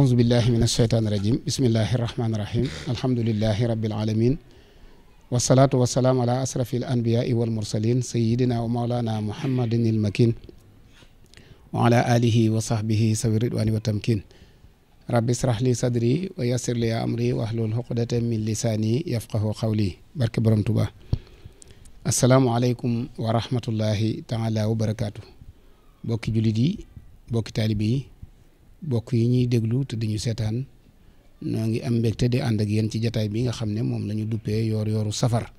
أعوذ بالله من الشيطان الرجيم بسم الله الرحمن الرحيم الحمد لله رب العالمين والصلاة والسلام على أشرف الأنبياء والمرسلين سيدنا ومولانا محمد المكين وعلى آله وصحبه سوي الرضوان والتمكين رب اشرح لي صدري ويسر لي أمري واحلل عقدة من لساني يفقه قولي بارك برم توبا السلام عليكم ورحمة الله تعالى وبركاته بوكي جلدي بوكي طالبي bokk yi ñuy déglu te dañu seetaan noo ngi am mbégte di ànd ak yéen ci jataay bii nga xam ne moom lañu ñu duppee yoor yooru safar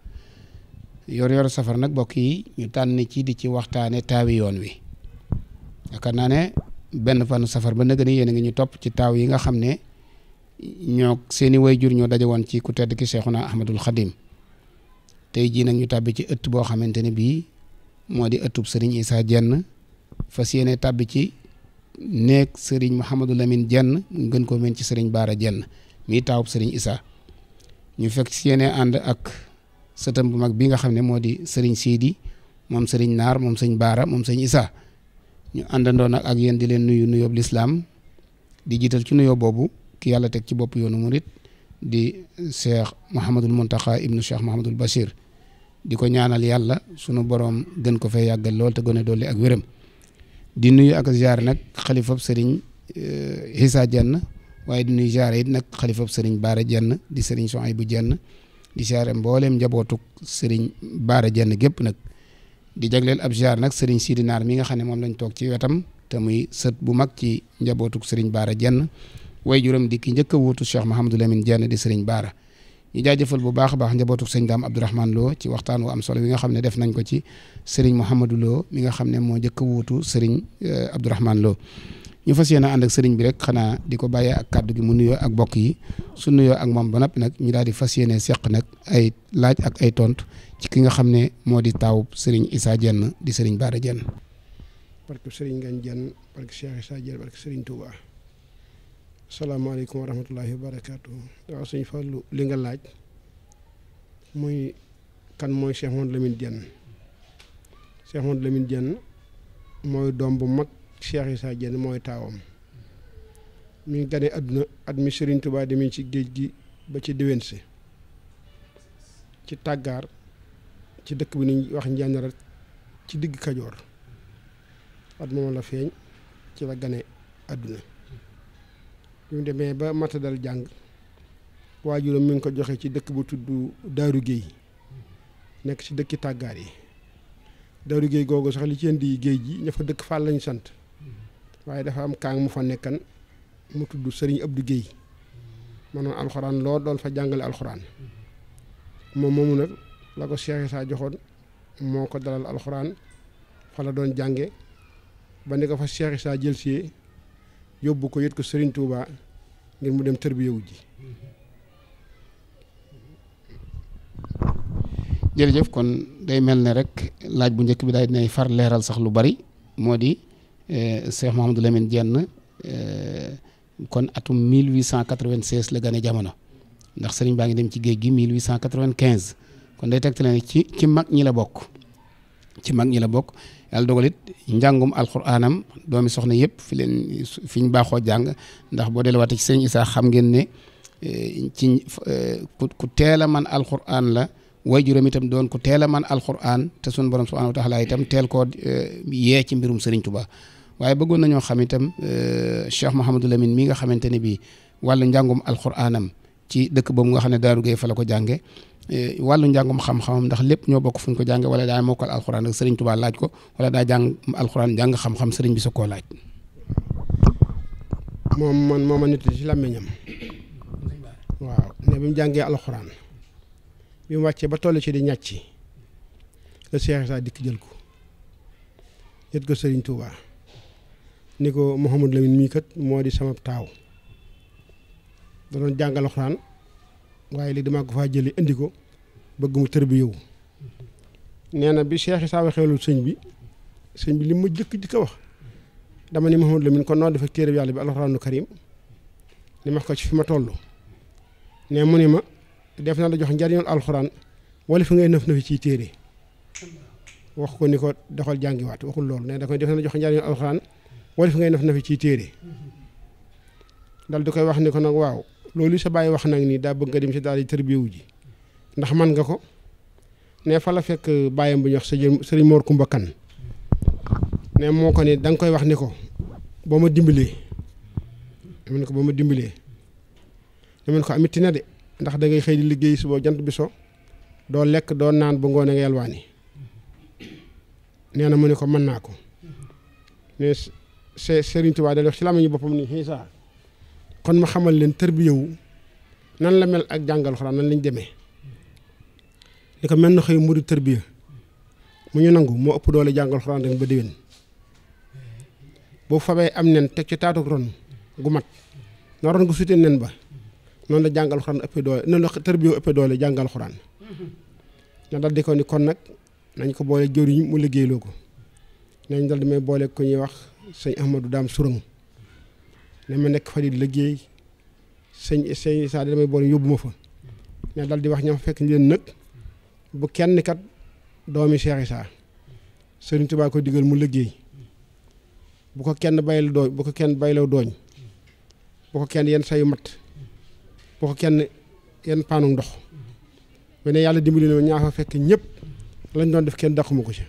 yoor yooru safar nag bokk yi ñu tànn ci di ci waxtaane taawi yoon wi yaakaar naa ne benn fanu safar ba nëgë yéen a ngi ñu topp ci taaw yi nga xam ne ñoo seeni wayjur ñoo daje woon ci ku tedd ki Seexuna Ahmadul Xadim tey jii nag ñu tàbbi ci ëtt boo xamante ne bii moo di ëttub sëriñ Isaa Jenn fas yéene tàbbi ci neeg sëriñ Mouhamadou Lamine Jenn ñu gën koo mën ci sëriñ Baara Jenn mii taawub sëriñ Issa ñu fekk si yéene ànd ak sëtam bu mag bi nga xam ne moo di sëriñ Sidi moom sëriñ Naar moom sëñ Baara moom sëñ Issa ñu àndandoo nag ak yéen di leen nuyu nuyoob lislaam di jiital ci nuyoo boobu ki yàlla teg ci bopp yoonu murit di cheikh Mouhamadul Mountakha ibnu cheikh Mouhamadul Bachir di ko ñaanal yàlla sunu borom gën ko fee yàggal lool te gën a dolli ak wéram. di nuyu ak ziar nag xalifab sëriñ euh, Issa Diène waaye di nuyu ziar it nag xalifab sëriñ Baara Diène di sëriñ Souhaïbou Diène di ziare mbooleem njabootuk sëriñ Baara Diène gépp nag di jagleel ab ziar nag sëriñ Sidi Naar mi nga xam ne moom lañ toog ci wetam te muy sët bu mag ci njabootuk sëriñ Baara Diène way juram di ki njëkk a wuutu Cheikh Mahamadou Lamine Diène di sëriñ Baara ñu jaajëfal bu baax a baax njabootu sëñ daam Abdourahmane Lo ci waxtaan wo am solo wi nga xam ne def nañ ko ci sëriñ Mouhamadou Lo mi nga xam ne moo jëkk a wuutu sëriñ euh, Abdourahmane Lo ñu fas yéene ànd ak sëriñ bi rek xanaa di ko bàyyee ak kàddu mu nuyoo ak bokk yi su nuyoo ak moom ba noppi nag ñu daal di fas yéene seq nag ay laaj ak ay tontu ci ki nga xam ne moo di taaw sëriñ Issa Diène di sëriñ Bara jenn barke sëriñ Ngagne Diène barke Cheikh Issa Diène barke Touba. salaamaaleykum wa rahmatullahi wa barakaatu waaw suñ fàllu li nga laaj muy kan mooy Cheikh Mouhamadou Lamine Diène Cheikh Mouhamadou Lamine Diène mooy doom bu mag Cheikh Issa Diène mooy taawam mi ngi gane àdduna at mi Sëriñ Tuubaa demee ci géej gi ba ci déwén si ci tàggaar ci dëkk bi ni wax njànnara ci digg Kajoor at moom la feeñ ci la gane àdduna bi mu demee ba matadal jàng waajuram mi ngi ko joxe ci dëkk bu tudd Daaru Géey nekk ci dëkki tàggaar yi Daaru Géey googu sax li ci indi géej ji ña fa dëkk Fall lañ sant waaye dafa am kaang mu fa nekkan mu tudd Sëriñ Abdu Géey manoon alxuraan loo doon fa jàngale alxuraan moom moomu nag la ko Cheikh Issa joxoon moo ko dalal alxuraan fa la doon jànge ba ni ko fa Cheikh Issa jëlsee yóbbu ko yët ko Serigne Touba ngir mu dem tërbiyewu ji. jërëjëf kon day mel ne rek laaj bu njëkk bi daal dinay far leeral sax lu bari moo di eh, Cheikh Mouhamadou Lamine Diène eh, kon atum 1896 la gane jamono ndax sëriñ baa ngi dem ci géej gi 1895 kon day tegtale ne ci ci mag ñi la bokk ci mag ñi la bokk. yàlla dogal it njàngum alxuraanam doomi soxna yëpp fi leen fi ñu baaxoo jàng ndax boo delluwaatee ci sëñ Isaa xam ngeen ne eh, ci eh, ku teel a man alxuraan la way juróom itam doon ku teel a man alxuraan te sun borom subhaanahu wa taala itam teel koo eh, yee ci mbirum Sëriñ Tuubaa waaye bëggoon nañoo xam itam Cheikh Mouhamadou Lamine mii nga xamante ne bii wàllu njàngum alxuraanam ci dëkk boobu nga xam ne Daaru Gay fa la ko jànge Eh, wàllu njàngum xam-xamam ndax lépp ñoo bokk fu ñu ko jànge wala daa mokkal alxuraan ak sëriñ ko wala daa jàng alxuraan jàng xam-xam sëriñ bi su koo laaj. moom man mooma nit ci làmmiñam waaw ne bi mu jàngee alxuraan bi mu wàccee ba toll ci di ñàcc la Cheikh Issa dikk jël ko jët ko sëriñ Touba ni ko Mouhamadou Lamine mii kat moo di sama taaw da doon alxuraan waaye léegi damaa ko faa jëlee indi ko bëgg mu tër bi yow nee na bi Cheikh saa waxee sëñ bi sëñ bi li ma jëkk jëkk a wax dama ni Mouhamadou Lamine kon noo def ak téere bi yàlla bi alxuraanu karim ni ma ko ci fi ma toll ne mu ni ma def na la jox njariñul alxuraan wala fi ngay nëf na fi ciy téere ko ni ko doxal jàngiwaat waxul loolu ne da koy def na la jox njariñul alxuraan wala fi ngay nëf na fi ciy téere dal di koy wax ni ko nag waaw loolu sa bàyyi wax nag nii daa bëgg nga dem si daal di tërbiyewu ji ndax man nga ko ne fa la fekk bàyyam bu ñuy wax sëriñ Mor Kumba Kan ne moo ko ni da nga koy wax ni ko boo ma dimbalee mu ni ko boo ma dimbalee dama ne ko amiti na de ndax dangay xëy di liggéey suba jant bi so doo lekk doo naan ba ngoone nga yalwaani nee na mu ne ko mën naa ko ne Sëriñ Tuubaa da wax ci làmmiñu boppam ni xiisa kon ma xamal leen tër bi nan la mel ak jàngal xuraan nan lañ demee li ko mel na xëy murid tërbiya mu ñu nangu moo ëpp doole jàngal xuraan ren ba déwén boo fabee am nen teg ci taatu ron gu mat na ron gu sutee nen ba noonu la jàngal xuraan ëppee doole noonu la tërbiya ëppee doole jàngal xuraan na dal di ko ni kon nag nañ ko boole jëriñ mu liggéeyloo ko nañ dal di may boole ko ñuy wax sëñ Ahmadou Daam Surang ne ma nekk fa di liggéey sëñ sëñ saa damay boole yóbbu ma fa ne dal di wax ña ma fekk ñu leen bu kenn kat doomi Cheikh Issa Sëriñ Tuubaa ko digal mu liggéey bu ko kenn bayal dooñ bu ko kenn baylaw dooñ bu ko kenn yenn sayu matt bu ko kenn yenn paanu ndox mu ne yàlla dimbali na ñaa fa fekk ñëpp lañ doon def kenn daquma ko ci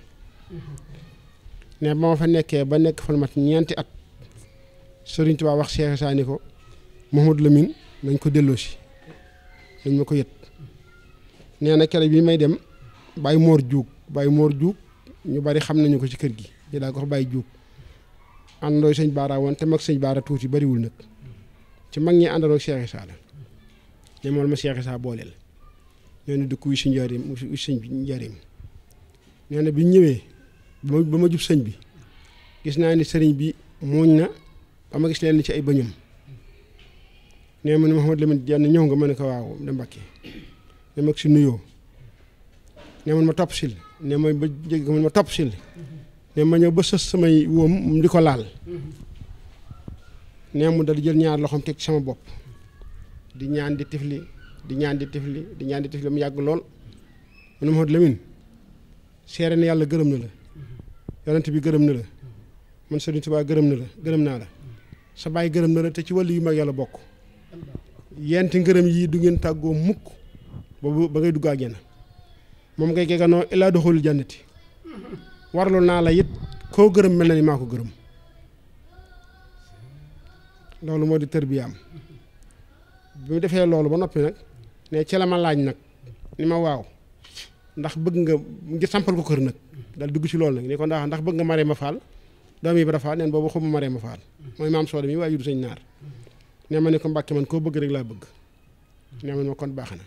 ne ba ma fa nekkee ba nekk fan mat ñeenti at Sëriñ Tuubaa wax Cheikh ni ko Mouhamadou Lamine nañ ko delloosi dañ ma ko yët nee na kere bi may dem Baye moor juug Baye moor Diouk ñu bari xam nañu ko ci kër gi di daa ko fa Baye Diouk àndooy sëñ Baara te mag sëñ Baara tuuti bariwul nag ci mag ñi àndandoo Cheikh Issa la ne moom ma Cheikh Issa booleel ñoo si njëriñ bi njariñ njëriñ bi ñëwee ba ma jub sëñ bi gis naa ni sëriñ bi muuñ na ba ma gis leen ci ay bëñam nee ma ne Mouhamadou Lamine Diagne ñëw nga ma ne ko waaw da Mbàkke ne mag si nuyoo ne man ma topp sil ne ma ba jéggi man ma topp sil ne ma ñëw ba sës samay wóom di ko laal ne mu di jël ñaar loxoom teg ci sama bopp di ñaan di tifli di ñaan di tifli di ñaan di tifli mu yàgg lool mu ne ma Lamin seere na yàlla gërëm na la yonent bi gërëm na la man Sëriñ Tuubaa gërëm na la gërëm naa la sa baay gërëm na la te ci wàllu yu mag yàlla bokk yenti ngërëm yii du ngeen tàggoo mukk boobu ba ngay dugg na moom kay kay noo illaa doxul jannati warlu naa la it koo gërëm mel na ni maa ko gërëm loolu moo di tërbiyaam bi mu defee loolu ba noppi nag ne ci la ma laaj nag ni ma waaw ndax bëgg nga ngir sampal ko kër nag dal dugg ci loolu nag ni ko ndax ndax bëgg nga maree ma faal doom yi ba dafa neen boobu xuma maree ma faal mooy maam soo mi waaye jur sëñ naar nee ma ne ko mbàkke man koo bëgg rek laa bëgg nee ma ne ma kon baax na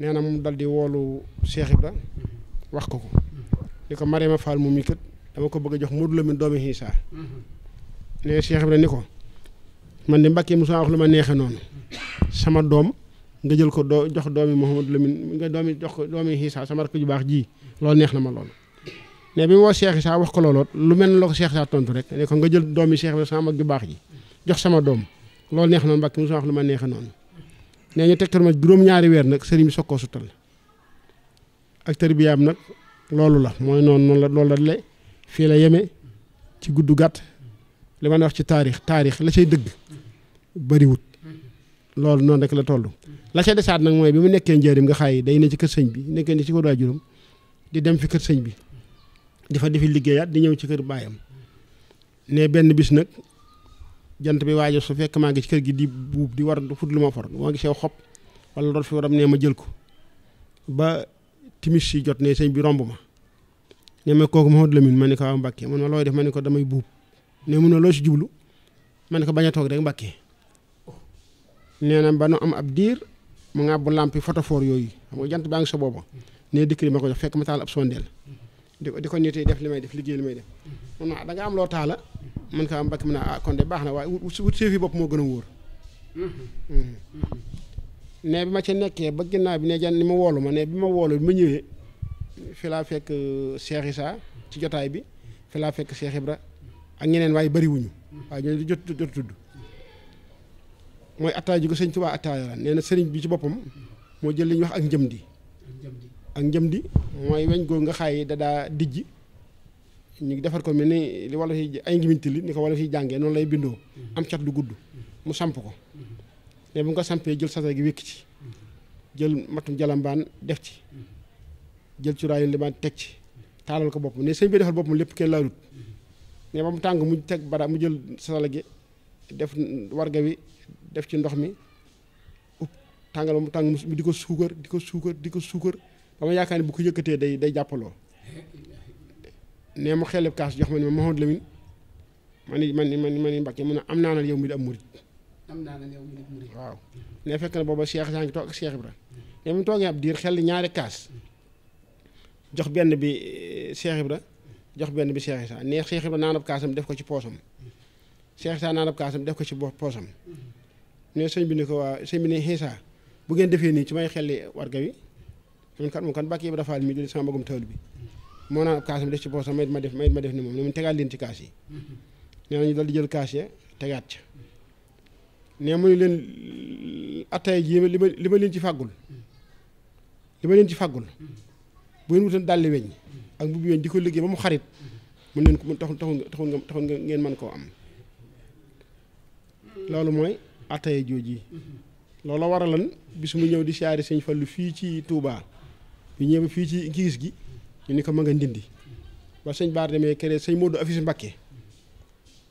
nee na moom dal di woolu Cheikh Ibra wax ko ko ni ko Mariama Fall moom mi kët dama ko bëgg a jox Modou Lamine doomi Xiisa nee Cheikh la ni ko man di Mbàkke mosu wax lu ma neexe noonu sama doom nga jël ko doo jox doomi Mouhamadou Lamine nga doomi jox ko doomi Xiisa sama rakk ju baax ji loolu neex na ma loolu ne bi mu woo Cheikh Issa wax ko looloo lu mel ne la ko Cheikh tontu rek ne ko nga jël doomi Cheikh Ibra sama mag ju baax ji jox sama doom loolu neex noonu Mbàkke mosu wax lu ma neexe noonu nee ñu tegtal ma juróom-ñaari weer nag sëriñ bi soog koo suttal ak am nag loolu la mooy noonu noonu la loolu la fii la yeme ci gudd gàtt li ma wax ci taarix taarix la say dëgg bariwut loolu noonu rek la toll. la cay desaat nag mooy bi mu nekkee njëriñ nga yi day ne ci kër sëñ bi nekkee ne ci kër waajuram di dem fi kër sëñ bi di fa defi liggéeyaat di ñëw ci kër baayam ne benn bis nag jant bi waaja su fekk maa ngi ci kër gi di buub di war fut lu ma for moo gisee xob wala lool fi waram nee ma jël ko ba timis si jot ne sëñ bi romb ma ne ma kooku Mouhamadou ma ne ko waaw man ma looy def ma ne ko damay buub ne mun na loo si jublu ma ne ko bañ a toog rek Mbàkke nee na ba nu am ab diir mu ngàbbu làmpi photophore yooyu xam nga jant baa ngi sa booba ne dikk di ma ko jox fekk ma taal ab sondeel di ko di ko nit yi def li may def liggéey li may def mun mm-hmm. naa danga am loo taala mën ko am mbakk mën naa ah kon de baax na waaye wut séef yi bopp moo gën a wóor mm-hmm. Mm-hmm. ne bi ba ginnaaw bi ne jan ni ma woolu ma ne bi ma woolu bi ma ñëwee laa fekk uh, Cheikh Issa ci jotaay bi fi laa fekk Cheikh Ibra ak ñeneen waaye bariwuñu waaye ñoo jot jot tudd mooy attaay ji ko sëñ Tuubaa attaay la nee na sëriñ bi ci boppam moo jël li ñuy wax ak njëm di ak njëm di mooy weñ googu nga xaay da daa dijj ñu defar ko mel ni li wala fi ay ngiminti li ni ko wala fi jàngee noonu lay bindoo am cat lu gudd mu samp ko ne bu nga sampee jël sasa gi wékk ci jël matum jalambaan def ci jël curaayu limaan teg ci taalal ko boppam ne sëñ bi defal boppam lépp kenn laalut ne ba mu tàng mu teg bara mu jël sasala gi def warga wi def ci ndox mi upp tàngal mu tàng mu di ko suukar di ko suukar di ko suukar ba ma yaakaar ne bu ko yëkkatee day day jàppaloo ne mu xeleb kaas jox ma ne ma Mouhamadou Lamine ma ni ma ni ma ni ma ni Mbacke mu ne am naa na yow mi di am murit am naa na murit waaw ne fekk na booba Cheikh saa ngi toog ak Cheikh ra ne mu toogee ab diir xel ñaari kaas jox benn bi eh, Cheikh ra jox benn bi Cheikh Issa ne Cheikh Ibra naanab kaasam def ko ci poosam Cheikh Issa naanab kaasam def ko ci poosam ne sëñ bi ni ko waa sëñ bi ne Issa bu ngeen defee nii ci may xelli warga wi man kat moom kat bàkk Ibra Faal mi di sama bëggum tawlu bi moo naan kaas mi def ci poosam mayit ma def def ni moom ne mun tegaat leen ci kaas yi nee nañu dal di jël kaas ya tegaat ca ne mu ne leen attay ji li ma li ma leen ci fàggul li ma leen ci fàggul bu ngeen wutoon dàlli weñ ak mbubbi weñ di ko liggéey ba mu xarit mun leen ko mun taxul taxul taxul ngeen mën koo am loolu mooy attaye jooji loolu waral lan bis mu ñëw di siyaare sëñ Fallu fii ci Touba. ñu ñëw ba fii ci gis gi ñu ni ko ma a ndindi ba sëñ baar demee kere sëñ Modou affiche Mbàkke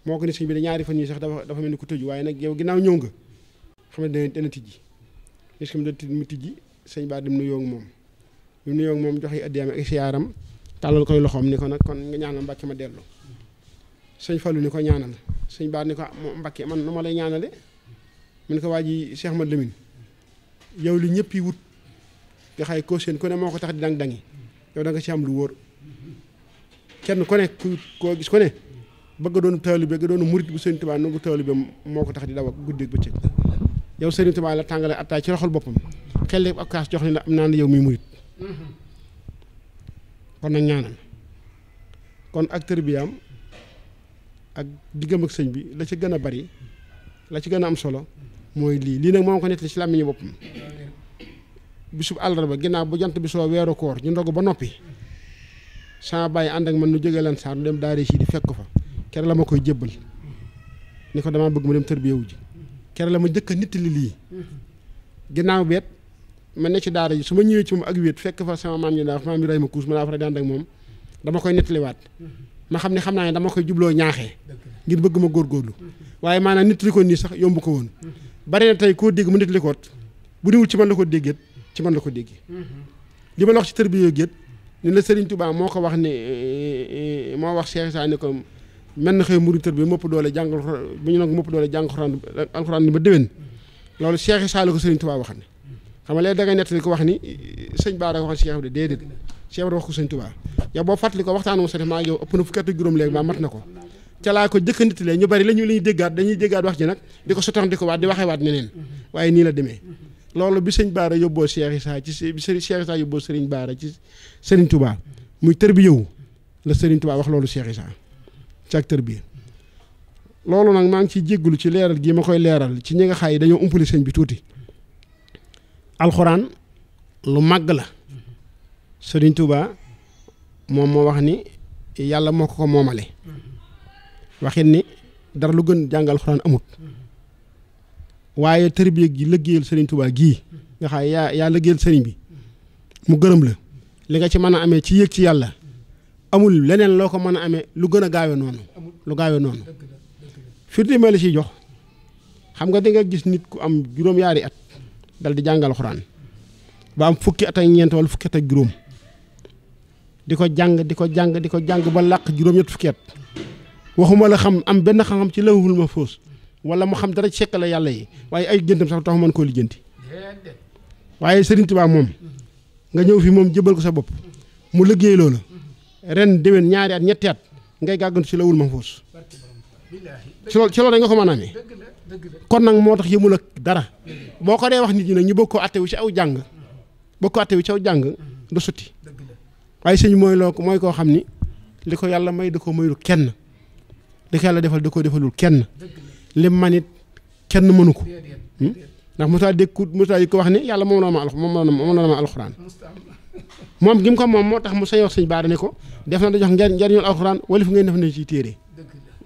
moo ko ni sëñ bi da ñaari fan yi sax dafa dafa mel ni ko tëju waaye nag yow ginnaaw ñëw nga xam ne dana tijji gis ko mu dana mu tijji sëñ baar dem nuyoo ak moom mu nuyoo ak moom joxe addiyaam ak siyaaram tàllal koy loxoom ni ko nag kon nga ñaanal Mbàkke ma dellu sëñ Fallou ni ko ñaanal sëñ baar ni ko ah, Mbàkke man nu ma lay ñaanale mu ne ko waa ji Cheikh Ahmad Lamine yow li ñëpp wut nga xay koo seen kone moo ko tax di dang-dangi yow da nga ci am lu wóor kenn ku ne ku koo gis ku ne bëgg doon taalibe nga doon murit bu Sëriñ Tuubaa nangu taalibe moo ko tax di daw ak guddeeg yow Sëriñ Tuubaa la tàngale attaay ci loxol boppam xel ak kaas jox ni la am naa ne yow muy murit kon nag ñaanal kon ak tërbiyaam ak diggam ak sëñ bi la ci gën a bari la ci gën a am solo mooy lii lii nag moom ko nettali ci làmmiñu boppam bisub àllarba ginnaaw bu jant bi soo weeru koor ñu ndog ba noppi sama bàyyi ànd ak man nu jógee lan saar nu dem daara si di fekk ko fa kere la ma koy jébbal ni ko damaa bëgg mu dem tërbiyewu ji kere la ma njëkk a nittali lii ginnaaw beet ma ne ci daara ji su ma ñëwee ci moom ak wéet fekk fa sama maam ñu daa ma kuus ma daa fa moom dama koy nettaliwaat ma xam ne xam naa ne dama koy jubloo ñaaxee ngir bëgg ma góor góorlu waaye maanaam nittali ko nii sax yomb ko woon bari na tey koo dégg mu nittali koot bu niwul ci man la ko déggeet ci man la ko déggee. li ma la wax ci tërbiya géet ni la Serigne Touba moo ko wax ne moo wax Cheikh Issa ni ko mel na xëy murid tërbiya mëpp doole jàng bu ñu nangu mëpp doole jàng alxuraan alxuraan ni déwén loolu Cheikh Issa la ko Serigne Touba wax ne xam nga léegi da ngay nettali ko wax ni sëñ Ba da ko wax Cheikh bi ko sëñ Touba yow boo fàttali ko waxtaan mo sa maa yow ëpp na fukki at ak juróom léegi maa mat na ko ca laa ko jëkk nit ñu bari la ñu li ñuy déggaat dañuy wax ji nag di ko sotox di ko waat di waxee waat neneen waaye nii la demee loolu bi sëñ Baara yóbboo Cheikh Issa ci sëriñ Cheikh Issa yóbboo sëriñ Baara ci sëriñ Touba muy tër bi la sëriñ Touba wax loolu Cheikh Issa ci ak tër bi loolu nag maa ngi ciy jéggulu ci leeral gi ma koy leeral ci ñi nga xay dañoo umpali sëñ bi tuuti alxuraan lu màgg la sëriñ tubaa moom moo wax ni yàlla moo ko ko moomale waxin ni dara lu gën jàngal alxuraan amut. waaye tërbiyeeg ji liggéeyal sëriñ Tuubaa gii nga xam yaa yaa liggéeyal sëriñ bi mu gërëm la li nga ci mën a amee ci yëg ci yàlla amul leneen loo ko mën a amee lu gën a gaawe noonu lu gaawe noonu firnde ma jox xam nga di nga gis nit ku am juróom-yaari at dal di jàngal xuraan ba am fukki at ak ñeent wala fukki ak juróom di ko jàng di ko jàng di ko jàng ba làq juróom-ñett fukki waxuma la xam am benn xam-xam ci lawhul mahfuus wala mu xam dara sekkale yàlla yi waaye ay géntam sax taxu man koo lijjanti waaye Sëriñ Tuubaa moom nga ñëw fi moom jëbal ko sa bopp mu liggéey loola ren déwén ñaari at ñetti at ngay gàggantu si lawul wul ma foos ci loolu ci nga ko mën a kon nag moo tax yëmul ak dara boo ko dee wax nit ñi nag ñi bokkoo ko atte ci aw jàng bëgg ko atte wu ci aw jàng du suti waaye sëñ mooy loo mooy koo xam ni li ko yàlla may da ko mayul kenn li ko yàlla defal da ko defalul kenn lim manit kenn mënu ko hmm? ndax Moussa dégg ku Moussa yi ko wax ne yàlla moom la ma moom la ma alxuraan moom gi ko moom moo tax mu sañ wax sëñ baara ne ko def na da jox njariñ njariñul alxuraan wala fu ngeen def ne ci téere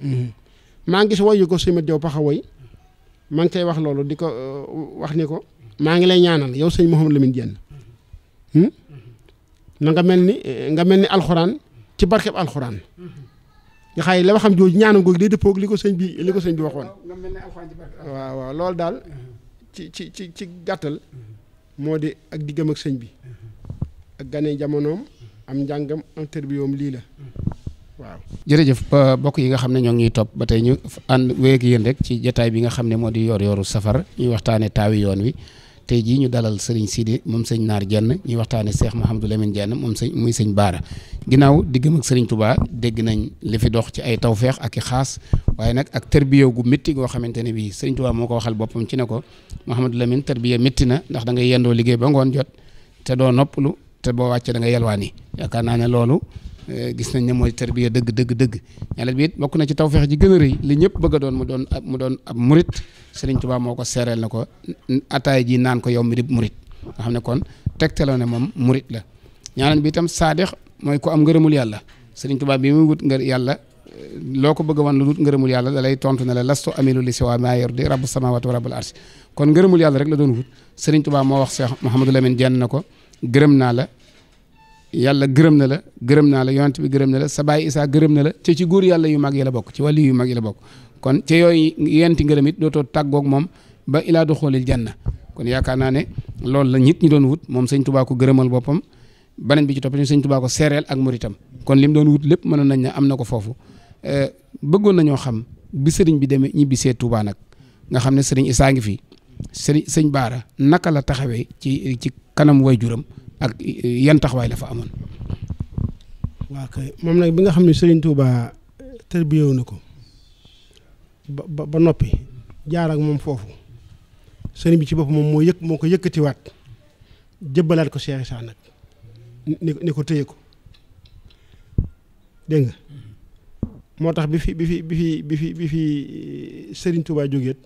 hmm. maa ngi si woyu ko sëñ Mat Jaw Paxa woy maa ngi koy wax loolu di ko uh, wax ni ko maa ngi lay ñaanal yow sëñ Mouhamadou Lamine Diène hmm? na nga mel ni eh, nga mel ni alxuraan ci barkeb alxuraan nga xay la ma xam jooju ñaanam googu day dëppoog li ko sëñ bi li ko sëñ bi waxoon waaw waaw loolu daal ci ci ci ci gàttal moo di ak diggam ak sëñ bi ak gane jamonoom am njàngam interview am lii la waaw jërëjëf mbokk yi nga xam ne ñoo ngi ñuy topp ba tey ñu ànd wéeg yéen rek ci jataay bi nga xam ne moo di yoor yoru safar ñuy waxtaane taawi yoon wi tey jii ñu dalal sëriñ Sidi moom sëñ Naar Jenn ñuy waxtaanee Cheikh Mouhamadou Lamine Jenn moom sëñ muy sëñ Baara ginnaaw diggam ak sëriñ tubaa dégg nañ li fi dox ci ay tawfeex ak i xaas waaye nag ak tërbiya gu métti goo xamante ne bii sëriñ Touba moo ko waxal boppam ci ne ko Mouhamadou Lamine tërbiya métti na ndax da ngay yendoo liggéey ba ngoon jot te doo lu te boo wàccee da nga yelwaani yaakaar naa loolu Eh, gis nañ ne mooy tarbiya dëgg dëgg dëgg ñaareel bi it bokk na ci tawfeex ji gën a rëy li ñëpp bëgg a doon mu doon mu doon ab murit Sëriñ Tuubaa moo ko seereel na ko ataay ji naan ko yow mi di murit nga xam ne ne moom murit la ñaareel bi itam saadix mooy ku am ngërëmul yàlla Sëriñ Tuubaa bi muy wut ngër yàlla eh, loo ko bëgg a wan lu dut la lastu amilu li siwa maa yor di rabbu samawati wa rabbul arsi kon ngërëmul yàlla la doon wut Sëriñ Tuubaa moo wax Cheikh Mouhamadou Lamine jenn na ko gërëm naa la yàlla gërëm na la gërëm naa la yonent bi gërëm na la sa baay Isaa gërëm na la te ci góor yàlla yu mag yi la bokk ci wàlli yu mag yi la bokk kon ci yooyu yenti ngërëm it dootoo tàggoog moom ba ilaa du xoolil janna kon yaakaar naa ne loolu la nit ñi doon wut moom sëñ Tuubaa ko gërëmal boppam beneen bi ci topp ñu sëñ Tuubaa ko seereel ak muritam kon lim doon wut lépp mënoon nañ ne am na ko foofu eh, bëggoon nañoo xam bi sëriñ bi demee ñibbi see Tuubaa nag nga xam ne sëriñ Isaa ngi fii sëriñ sëñ Baara naka la taxawee ci ci kanam way juram ak yan taxawaay la fa amoon. waaw kay moom nag bi nga xam ne Serigne Touba eh, tërbiyewu na ko ba ba noppi jaar ak moom foofu sëriñ bi ci bopp moom moo yëkk moo ko yëkkatiwaat jëbbalaat ko Cheikh Issa nag ni ni ko téye ko dégg nga moo tax bi fi bi fi bi fi bi fi bi fi eh, Serigne Touba jógeet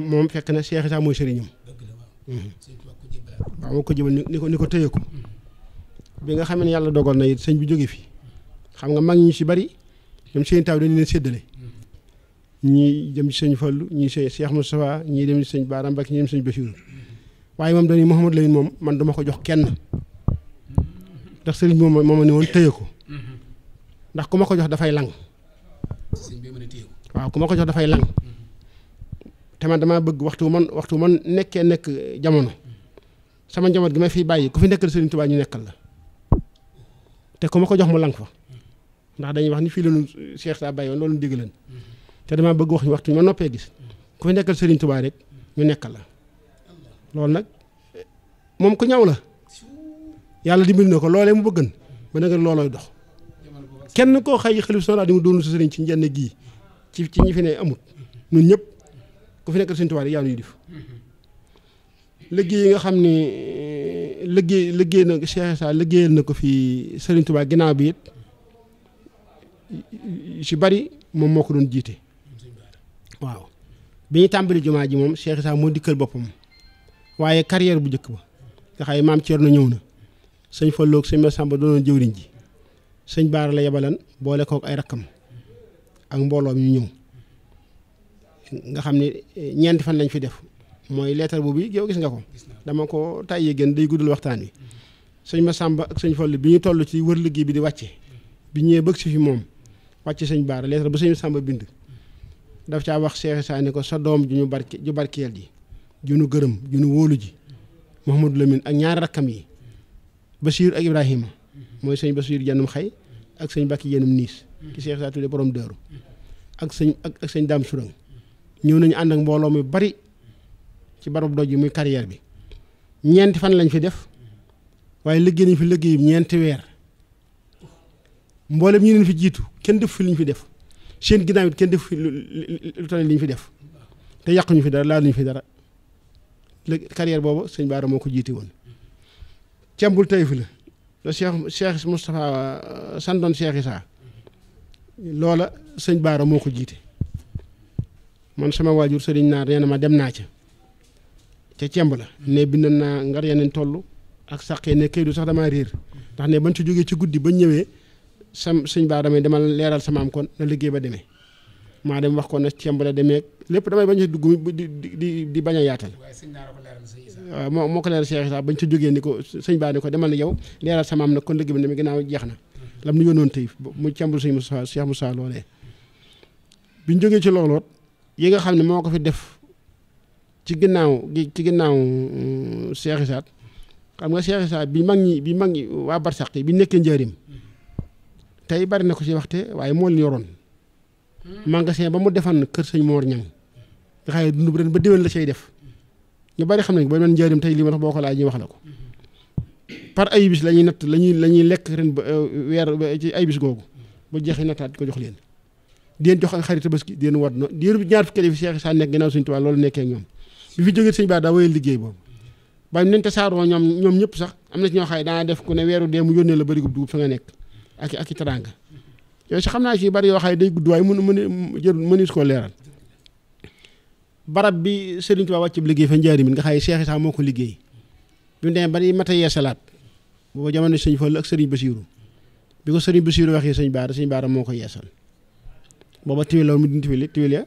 moom fekk na Cheikh Issa mooy sëriñam waaw moo ko jëbal ni ko ni ko téye ko bi nga xamee ne yàlla dogal na it sëñ bi jóge fi xam nga mag ñu ci bari ñoom seen taw dañu leen séddale ñii dem ci sëñ Fallu ñii sëñ Cheikh ñii dem sëñ Baara Mbacke ñii dem ci sëñ Bassirou waaye moom dañuy Mouhamadou Lamine moom man dama ko jox kenn ndax sëñ moom moom moom ne woon téye ko ndax ku ma ko jox dafay lang waaw ku ma ko jox dafay lang te man damaa bëgg waxtu man waxtu man nekkee nekk jamono sama njaboot gi ma fi bàyyi ku fi nekkal Serigne Touba ñu nekkal la te ku ma ko jox mu lank fa ndax dañuy wax ni fii la ñu Cheikh saa bàyyi woon loolu ñu leen te damaa bëgg wax waxtu ma noppee gis ku fi nekkal Serigne Touba rek ñu nekkal la loolu nag moom ku ñaw la yàlla dimbali na ko loolee mu bëggan ba nag loolooy dox kenn koo xay xalif soo laa di mu doonu sa sëriñ ci njenn gii ci ci ñi fi ne ñëpp. ku fi nekk Sëñ Tuubaa yaa nu yilif liggéey yi nga xam ne liggéey liggéey na Cheikh Issa liggéeyal na ko fi Sëriñ Tuubaa ginnaaw bi it si bari moom moo ko doon jiite waaw bi ñu tàmbali jumaa ji moom Cheikh Issa moo dikkal boppam waaye carrière bu njëkk ba nga xam ne maam Thierno ñëw na sëñ Falloog sëñ Massamba doonoon jëwriñ ji sëñ Baara la boole kook ay rakkam ak mbooloo mi ñëw nga xam ne eh, ñeenti fan lañ fi def mooy leetar boobu yow gis nga ko dama ko tàyyee gën day guddul waxtaan wi sëñ ma sàmba ak sëñ Fallu bi ñu toll ci wër liggéey bi di wàcce bi ñëwee bëgg si fi moom wàcce sëñ baara leetar ba sëñ sàmba bind daf caa wax seexe saa ni ko sa doom ju ñu barke ju barkeel ji ju gërëm ju ñu wóolu ji Mouhamadou Lamine ak ñaari rakkam yi Basiir ak Ibrahima mooy sëñ Basiir jennum xay ak sëñ Bakki jennum niis ki seexe saa ak sëñ ak sëñ Daam ñëw nañu ànd ak mbooloo mu bari ci barab doj bi muy carrière bi ñeenti fan lañ fi def waaye liggéey nañ fi liggéey ñeenti weer mboolem ñu leen fi jiitu kenn def fi liñ fi def seen ginnaaw it kenn def fi lu tane liñ fi def te yàquñu fi dara laaluñu fi dara carrière boobu sëñ Baara moo ko jiite woon. cembul tey fi la la Cheikh Cheikh Moustapha euh, santoon Cheikh Issa loola sëñ Baara moo ko jiite. man sama waajur sëriñ naar nee na ma dem naa ca ca cemb la ne bind naa ngar yeneen toll ak saqee ne këy du sax damaa réer ndax ne bañ ci jógee ci guddi ba ñëwee sam sëñ baa damay dama leeral sama kon na liggéey ba demee maa dem wax ko na cemb la demee lépp damay bañ a dugg di di di bañ a yaatal waaw moo moo ko leeral Cheikh Issa bañ ca jógee ni ko sëñ baa ni ko demal yow leeral sama am kon liggéey ba demee ginnaaw jeex na lam nu yónnoon tey mu cembul sëñ Moussa Cheikh Moussa loolee biñ jógee ci looloot yi nga xam ne moo ko fi def ci ginnaaw ci ginnaaw mm, Cheikh xam nga Cheikh bi mag ñi bi mag ñi waa Barsaq yi bi nekkee njëriñ tey bari na ko ci waxte waaye moo leen yoroon hmm. magasin ba mu defan kër sëñ Mor Ñang nga xam ne dund ren ba déwén la cay def ñu bari xam nañ ba man njëriñ tey li ma tax boo ko laaj ñu wax la ko par ay bis la ñuy natt la ñuy la ñuy lekk ren ba euh, weer ci ay bis googu bu jeexee nattaat ko jox leen. den leen jox ak xarit tabaski di leen war no diiru ñaar fukki at fi Cheikh Issa nekk ginnaaw Sëñ Tuubaa loolu nekkee ñoom bi fi jógee Sëñ Bara daa wéyal liggéey boobu ñoom ñëpp sax am na ci ñoo xay def ku ne weeru dee mu yónnee la bëri nekk ak ak i teraanga yooyu sax xam naa ci mën mën jël mënees koo leeral barab bi Sëriñ Tuubaa liggéey fa njaari mi nga xay Cheikh Issa moo ko liggéey bi mu demee ba mata yeesalaat booba jamono Sëñ Fallu ak Sëriñ Basiiru bi ko Sëriñ Basiiru waxee Sëñ Bara Sëñ Bara moo ko yeesal booba tiwil mi dina tiwil tiwil ya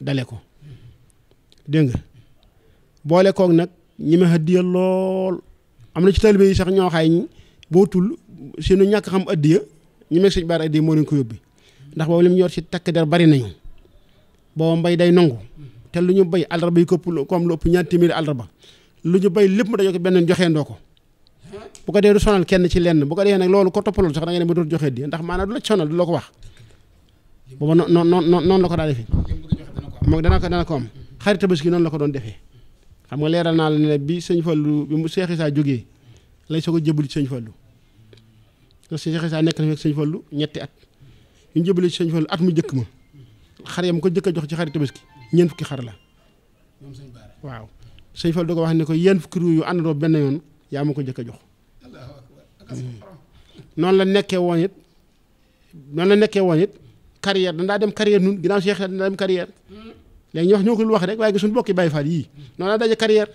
dale ko dégg nga boole koog nag ñi ma addiya lool am na ci taalibe yi sax ñoo xay boo tul seenu ñàkk xam addiya ñi meeg sëñ baar addiya moo leen ko yóbbi ndax boobu li mu yor si takk der bari nañu booba mbay day nangu te lu ñu bay àllarba yi ko comme lu ëpp ñaar téeméeri àllarba lu ñu bay lépp mu dajoo ko benn joxeendoo ko bu ko dee du sonal kenn ci lenn bu ko dee nag loolu ko toppaloon sax da nga ne ma doon joxe di ndax maanaam du la sonal du la ko wax booba noon noonu la ko daa defee moom dana ko dana ko am xarit tabaski noonu la ko doon defee xam nga leeral naa la ne bi sëñ Fallu bi mu Seex saa jógee lay soo ko jëbali ci sëñ Fallu parce Fallu ñetti at ñu jëbali ci at mu jëkk ma xar yam ko jëkk jox ci xarit tabaski ñeent fukki xar la waaw sëñ Fallu da ko wax ne ko yéen fukki ruu yu àndandoo benn yoon yaa mu ko jëkk a jox hmm. noonu la nekkee woon it noonu la nekkee woon it carrière dandaa dem carrière nun ginnaaw Cheikh dandaa dem carrière léegi ñu ñoo ko lu wax rek waaye gisuñu bokki Baye Fall yii noonu laa daje carrière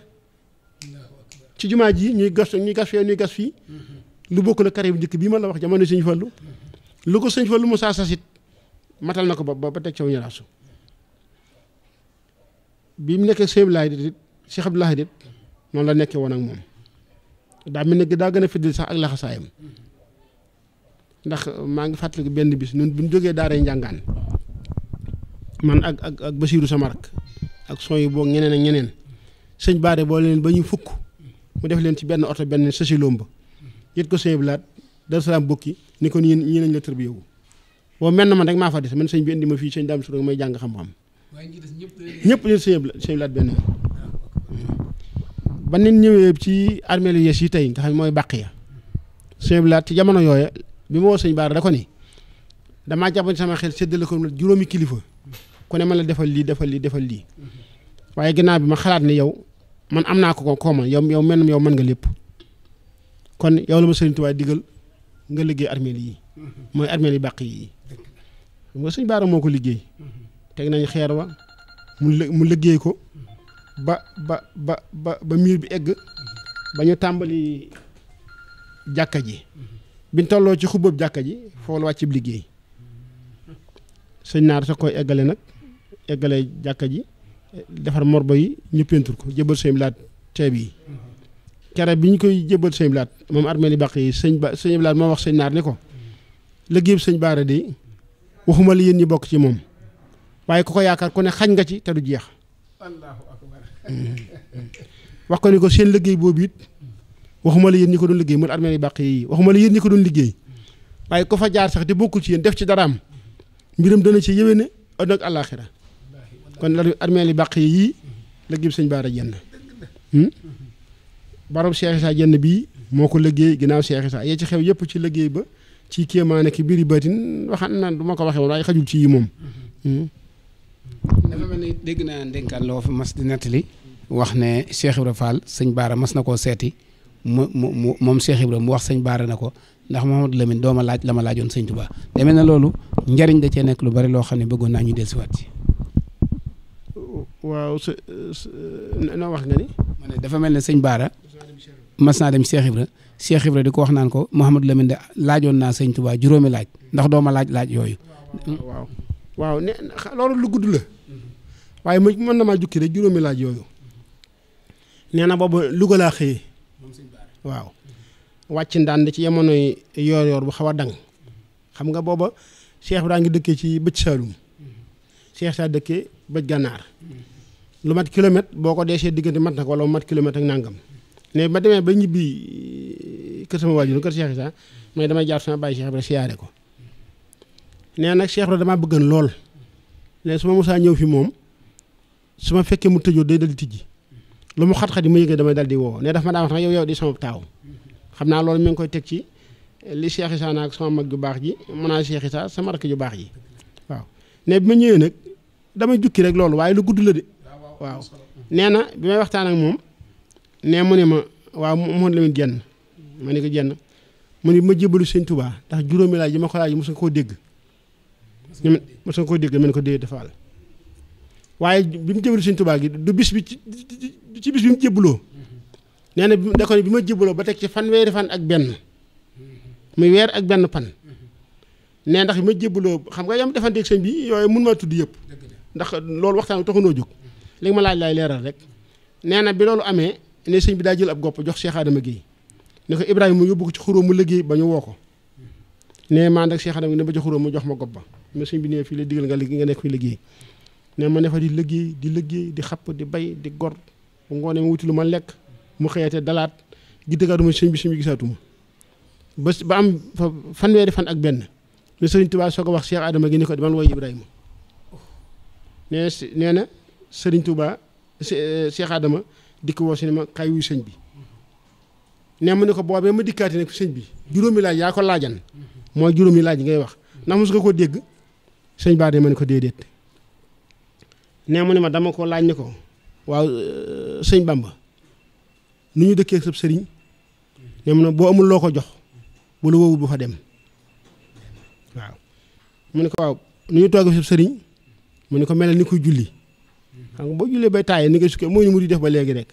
ci jumaa ji ñuy gas ñuy gas fee ñuy gas fii lu bokk la carrière bu njëkk bii ma la wax jamono sëñ Fallu lu ko sëñ Fallu mu saa sasit matal na ko ba ba teg mu nekkee Sèye Bilaay dit Cheikh noonu la nekkee woon ak moom daa mel ne daa gën a fidil sax ak laxasaayam ndax maa ngi fàttaliku benn bis ñun bu ñu jógee daaree njàngaan man ak ak ak Basiirou sama rak ak son yi boog ñeneen ak ñeneen sëñ Baare boole leen ba ñu fukk mu def leen ci benn oto benn sësi lomba yët ko sëñ Blaat Darou Salaam ni ko nii ñii nañ la tër bi yow mel na man rek maa fa des man sëñ bi indi ma fii sëñ Dame Sourang may jàng xam-xam ñëpp leen sëñ sëñ Blaat benn ba nit ñëwee ci armée lu yees yi tey nga xam mooy bàq ya sëñ Blaat ci jamono yooya bi ma woo sëñ Baara da ko ni damaa jàppoon sama xel séddale ko juróomi kilifa ko ne ma la defal lii defal lii defal lii waaye ginnaaw bi ma xalaat ne yow man am naa ko koo man yow yow mel yow mën nga lépp kon yow la ma sëriñ Tuubaa digal nga liggéey armeel yi mooy armeel yi bàq yi xam nga sëñ Baara moo ko liggéey teg nañ xeer wa mu liggéey ko ba ba ba ba ba miir bi egg ba ñu tàmbali jàkka ji biñ tolloo ci xubab jàkka ji foofu la wàccib liggéey sëñ naar sa koy eggale nag eggale jàkka ji defar morbo yi ñu pentur ko jëbal sëñ laat teeb yi kere bi ñu koy jëbal sëñ laat moom armée li bàq yi sëñ ba sëñ laat moo wax sëñ naar ni ko liggéeyub sëñ baare de waxuma li yéen ñi bokk ci moom waaye ku ko yaakaar ko ne xañ nga ci te du jeex mm-hmm. wax ko ni ko seen liggéey boobu it waxuma la yéen ñi ko doon liggéey mën armée yi bàq yi waxuma la yéen ñi ko doon liggéey waaye ko fa jaar sax te bokkul ci yéen def ci daraam mbiram dana ci yéwéne àdduna ak àllaaxira kon armée yi bàq yi la gib sëñ Baara jenn hmm? barab Cheikh Issa moo ko liggéey ginnaaw Cheikh Issa yee ci xew yëpp ci liggéey ba ci kéemaane ki biir baatin waxaan naan duma ko waxee woon waaye xajul ci yi moom hmm? dafa mel ni dégg naa ndénkaan loo fi mas di nettali wax ne Cheikh Ibra Fall sëñ Baara mas na koo seeti mu mu moom Cheikh Ibra mu wax sëñ Baara na ko ndax Mouhamadou Lamine doo ma laaj la ma laajoon sëñ Touba demee na loolu njariñ da cee nekk lu bari loo xam ne bëggoon naa ñu dellusiwaat ci. waaw sa na wax nga ni. ma ne dafa mel ne sëñ Baara. mas naa dem Cheikh Ibra Cheikh Ibra di ko wax naan ko Mouhamadou Lamine de laajoon naa sëñ Touba juróomi laaj ndax doo ma laaj laaj yooyu. waaw waaw ne loolu lu gudd la. waaye mën na maa jukki rek juróomi laaj yooyu. nee na boobu Louga laa xëyee. waaw wàcc ndaan ndànd ci yemonoy yoor yoor bu xaw a dang xam nga booba Cheikh bi daa ngi dëkkee ci bëj saalum Cheikh saa dëkkee bëj gànnaar lu mat kilomètre boo ko deesee diggante mat na ko wala mat kilomètre ak nangam ne ba demee ba ñibbi euh, kër sama waajur kër Cheikh Issa mais damay jaar sama bàyyi Cheikh Ibra siyaare ko nee nag Cheikh Ibra damaa bëggan lool léegi su ma mosaa ñëw fi moom su ma fekkee mu tëjoo day dal tijji lu mu xat-xat yi ma yëgee damay dal di woo ne daf ma daa wax nag yow yow di sama taaw xam naa loolu mi ngi koy teg ci li Cheikh Issa naag sama mag ju baax ji mën naa Cheikh Issa sama rakk ju baax ji waaw ne bi nag damay jukki rek loolu waaye lu gudd la de nee na bi may waxtaan ak moom ne mu ne ma waaw mu la muy jenn ma ne ko jenn mu ne ma jébalu sëñ Tuubaa ndax juróomi laaj yi ma ko laaj mos nga koo dégg mos nga koo dégg ma ne ko dégg dafa waaye bi mu jëbalu Sëriñ Tuubaa gi du bi ci bis bi mu nee na da ko ne bi ma jébbaloo ba teg ci fanweeri fan ak benn muy weer ak benn pan nee ndax bi ma jébbaloo xam nga yam defanteeg sëñ bi yooyu mun maa tudd yëpp ndax loolu waxtaan bi taxunoo jóg léegi ma laaj laay leeral rek nee na bi loolu amee ne sëñ bi daa jël ab gopp jox Cheikh Adama Guèye ne ko Ibrahima mu yóbbu ko ci xuróo mu liggéey ba ñu woo ko ne maa nag Cheikh Adama ne ba ci xuróo mu jox ma gopp ba mais sëñ bi ne fii la digal nga ne ma ne fa di liggéey di liggéey di xapp di bay di gor bu ngoonee ma wuti lu ma lekk mu xëyatee dalaat gi dëggaatuma sëñ bi sëñ bi gisaatuma ba ba am fa fanweeri fan ak benn ne sëriñ Tuubaa soo ko wax Cheikh Adama gi ni ko demal woy nee na sëriñ Tuubaa Cheikh Adama di ko woo si ne ma kaay wuy sëñ bi nee ma ne ko boobee ma dikkaati nag sëñ bi juróomi laaj yaa ko laajan mooy juróomi laaj ngay wax ndax mos nga ko dégg sëñ baa de ma ne ko déedéet nee mu ne ma dama ko laaj ne ko waaw euh, sëñ Bamba nu ñu dëkkee sab sëriñ nee mu ne boo amul loo ko jox bu la woowu bu fa dem waaw mu ne ko waaw nu ñu toogee sab sëriñ mu ne ko mel ni ko julli xam nga boo jullee bay taayee ni nga sukkee mooy ni mu di def ba léegi rek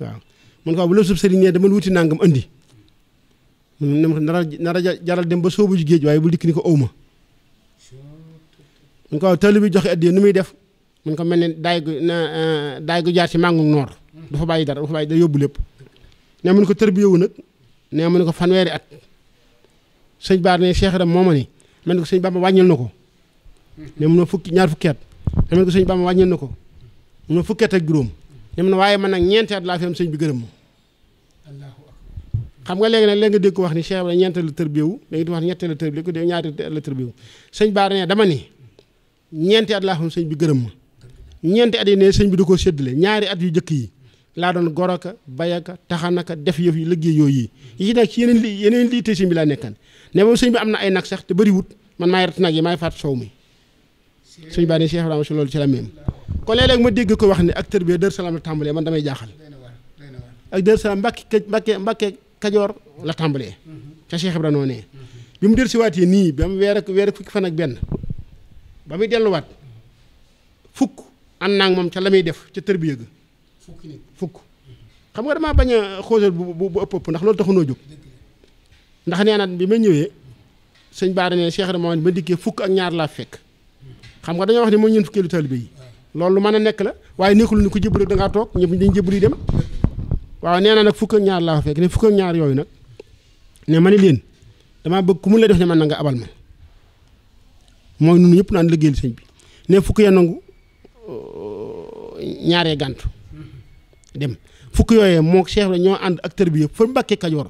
waaw mu ne ko waaw bu la sab sëriñ nee dama wuti nangam andi mu ne ma nara jaral dem ba soobu ji géej waaye bu dikk ni ko ëw ma mu ne ko waaw tëll bi joxe addiya nu muy def mun ko mel ne daay gu na eh, daay gu jaar ci màngu noor du fa bàyyi dara du fa bàyyi da yóbbu lépp ne mun ko tërbiyewu nag ne mun ko fanweeri at sëñ baar ne Cheikh moom mooma ni man ko sëñ Bamba wàññil na ko ne mun na fukki ñaar fukki at ne mun ko sëñ Bamba wàññil na ko mun na fukki at ak waaye man nag ñeenti at laa fi am sëñ bi gërëm ma xam nga léegi nag léegi nga dégg ko wax ni Cheikh Ibrahima ñeenteelu tërbiyewu léegi di wax ñetteelu tërbiyewu ko dégg ñaari la tërbiyewu sëñ baar ne dama ni ñeenti at laa fi am sëñ bi gërëm ñeenti at yi ne sëñ bi da koo séddale ñaari at yu jëkk yi laa doon goraka bayaka taxanaka def yëf yi liggéey yooyu yi yi nag yeneen li yeneen lii te sëñ bi laa nekkan ne boobu sëñ bi am na ay nag sax te bëri wut man maay rat nag yi maay faat soow mi sëñ baa ne Cheikh Ibrahima si loolu ci la même kon léeg ma dégg ko wax ne acteur bi Darou Salaam la tàmbalee man damay jaaxal ak Darou Salaam Mbàkke Mbàkke Mbàkke Kajoor la tàmbalee ca Cheikh Ibrahima noo bi mu dellusiwaatee nii ba mu weer ak weer ak fukki fan ak ba muy delluwaat fukk ànd naa moom ca la muy def ca tërbiya ga fukk xam nga damaa bañ a xoosal bu bu ëpp ëpp ndax loolu taxunoo jóg ndax nee bi may ñëwee sëñ Baara ne Cheikh Ramane ma dikkee fukk ak ñaar laa fekk xam nga dañoo wax ne mooy ñun fukkeelu taalibe yi loolu lu a nekk la waaye nekkul ni ko jëbbalu da ngaa toog ñëpp dañ jëbbalu dem waaw nee na nag fukk ak ñaar laa fekk ne fukk ak ñaar yooyu nag ne ma ne leen damaa bëgg ku mun la def ne man na nga abal ma mooy ñun ñëpp naan liggéeyal sëñ bi ne fukk ya nangu ñaaree gàntu dem fukk yooyee moo Cheikh la ñoo ànd ak tërbiya fa Mbàkke Kajoor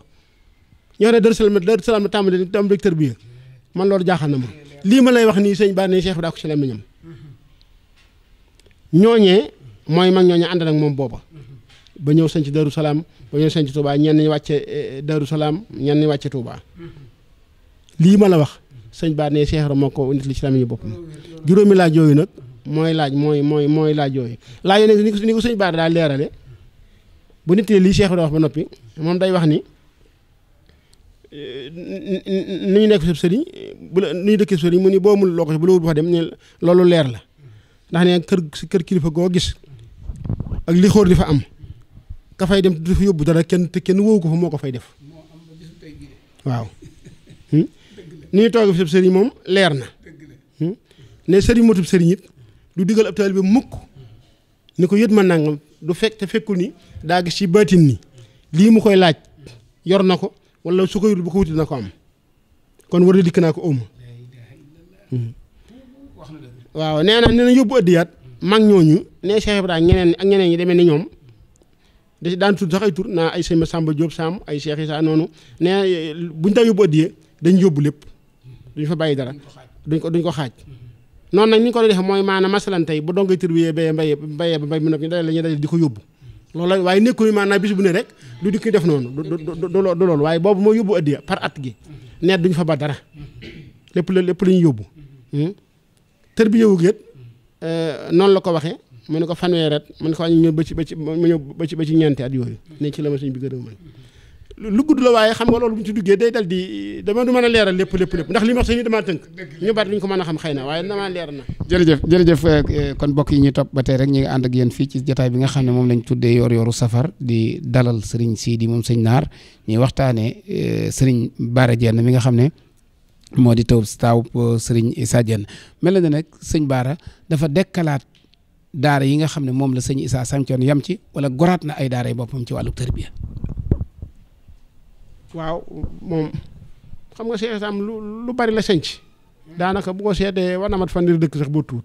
ñoo ne Darou Salaam Darou Salaam tàmbali tàmbali tërbiya man loolu jaaxal na ma lii ma lay wax nii sëñ Ba ne Cheikh bi daa ko si lamiñam ñooñee ñooñu ànd nag moom booba ba ñëw sañ ci Darou Salaam ba ñëw sañ ci Touba ñenn ñi wàcce eh, eh, Darou Salaam ñenn wàcce Touba lii ma la wax sëñ Ba ne Cheikh moo ko nit li ci lamiñu boppam juróomi laaj yooyu nag. mooy laaj mooy mooy mooy laaj yooyu laaj yooyu ni ko ni ko sëñ Bara leerale bu nit lii Cheikh bi wax ba noppi moom day wax ni eh, ni ñu nekk fi sëriñ bu la ni ñu dëkk ni boo loo ko dem loolu leer la ndax ne kër kër kilifa goo gis ak li xóor di fa am ka dem du yóbbu dara kenn kenn woowu ko fa moo ko fay def hmm? toog fi moom leer na hmm? ne sëriñ motub sëriñ it du digal ab taalibe bi mukk ni ko yët ma nangam du fekk te fekkul ni daa gis ci baatin ni lii mu koy laaj yor na ko wala su ko yul bu ko wuti na ko am kon war a dikk naa ko ëmm. waaw nee na nee na yóbbu ëddiyaat mag ñooñu nee Cheikh Ibrahima ñeneen ak ñeneen yi deme ni ñoom da daan tudd sax ay tur naa ay sëñ ma Samba Diop Sam ay Cheikh Issa noonu ne eh, buñ daa yóbbu ëddiyee dañ yóbbu lépp duñ fa bàyyi dara duñ ko duñ ko xaaj. noon nag ni ko doon defee mooy maanaam masalan tey bu dongay tërbiye béye mbéy béye ba mbéy mi nag ñu dajale la ñuy dajale di ko yóbbu loolu waaye nekkul maanaam bis bu ne rek du dikk def noonu du loolu waaye boobu moo yóbbu addiya par fa ba dara lépp la lépp la ñu yóbbu hmm? tërbiye wu géet euh, noonu la ko waxee mu ne ko fanweeri at mu ne ko wàññi ñëw ba ci ba ci mu ñëw ba ci ba ci ñeenti at yooyu ne ci la ma suñ bi gërëm lu gudd la waaye xam nga loolu mu ñu ci duggee day dal di dama du mën a leeral lépp lépp lépp ndax li ma wax sax ni damaa ko mën a xam xëy na waaye damaa na jërëjëf jërëjëf euh, kon mbokk yi ñuy topp ba tey rek ñu ngi ak yéen fii ci jotaay bi nga xam ne moom lañ tuddee yoor yooru safar di dalal sëriñ Sidi moom sëñ Naar ñuy waxtaanee euh, sëriñ Bara Diène mi nga xam ne moo di taw taw euh, sëriñ Issa Diène mel na ne nag sëñ Bara dafa dekkalaat daara yi nga xam ne moom la sëñ Issa sancoon yam ci wala goraat na ay daara yi boppam ci wàllu tërbiya waaw moom xam nga Cheikh Sam lu lu bari la sënc daanaka bu ko seetee war na mat de dëkk sax boo tuut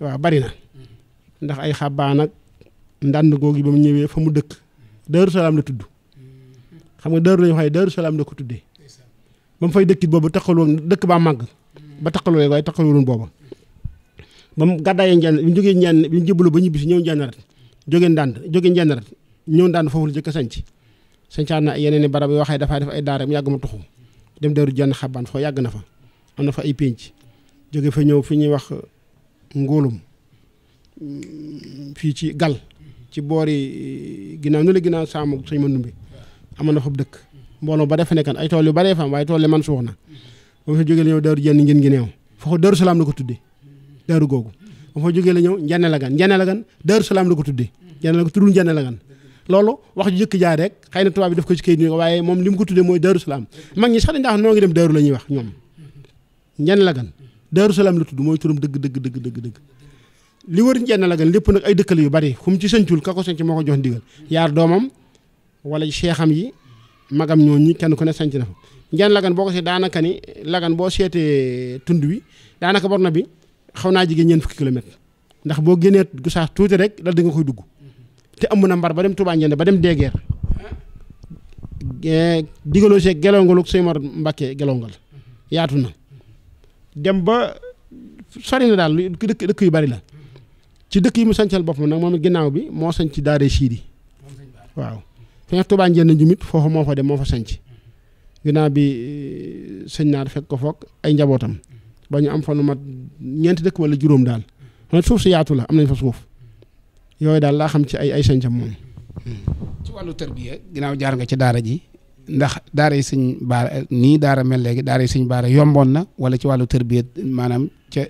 waa bari na ndax ay xabaan nag ndànd googu ba mu ñëwee fa mu dëkk Daaru Salaam la tudd xam nga Daaru la ñu waxee Daaru Salaam la ko tuddee ba mu fay dëkkit boobu taxaloo dëkk baa màgg ba taxaloo waaye taxaloon booba ba mu gàddaayee njànn bi mu jógee njànn bi mu jëbaloo ba si ñëw njànnarat jógee ndànd jógee njànnarat ñëw ndànd foofu la jëkk a sanc sëñ Saar na yeneen i barab yoo xam dafaa def ay daara mu yàgg ma tuxu dem Daaru Jann Xabaan foo yàgg na fa am na fa ay pénc jóge fa ñëw fi ñuy wax ngóolum fii ci gal ci boori eh, ginnaaw nu la ginnaaw saamu sëñ ma numbi amoon na fa dëkk mbooloo ba defa nekkan ay tool yu baree faam waaye tool yi man suux na ba fa jógee la ñëw Daaru Jann ngeen ngi neew foofu Daaru Salaam la ko tuddee daaru googu ba fa jógee la ñëw Njane la gan Njane la gan Daaru Salaam la ko tuddee Njane la loolu wax ju jëkk jaay rek xëy na tubaab bi daf ko ci kayit ni waaye moom li mu ko tuddee mooy Daaru Salaam mag ñi sax dañ daa wax noo ngi dem Daaru la wax ñoom ñenn lagan gan Daaru Salaam la tudd mooy turam dëgg dëgg dëgg dëgg dëgg li wër ñenn la gan lépp nag ay dëkkale yu bari fu ci sëncul ka ko sënc moo ko jox ndigal yaar doomam wala seexam yi magam ñooñu kenn ku ne sanc na fa ñenn lagan boo ko seet daanaka ni lagan boo seetee tund wi daanaka bor na bi xaw naa jigéen ñeent fukki kilomètre ndax boo génnee gusaas tuuti rek dal di koy dugg te amu na mbar ba dem Touba Ndiéndé ba dem Degeer eh, digaloo see gelongalu sëñ Mor Mbacke gelongal yaatu na dem ba sori na daal dëkk dëkk yu bari la ci dëkk yi mu sancal boppam nag moom ginnaaw bi moo sanc daare siidi waaw fi nga Touba Ndiéndé njumit foofu moo fa dem moo fa sanc ginnaaw bi eh, sëñ naar fekk ko foog ay njabootam ba am fa lu mat ñeenti dëkk wala juróom daal xanaa suuf si yaatu la am nañ fa suuf yooyu daal laa xam ci ay ay sañcam moom. ci wàllu tarbiya ginaaw jaar nga ci daara ji ndax daara yi sëñ baara nii daara mel léegi daara yi sëñ baara yomboon na wala ci wàllu tarbiya maanaam ca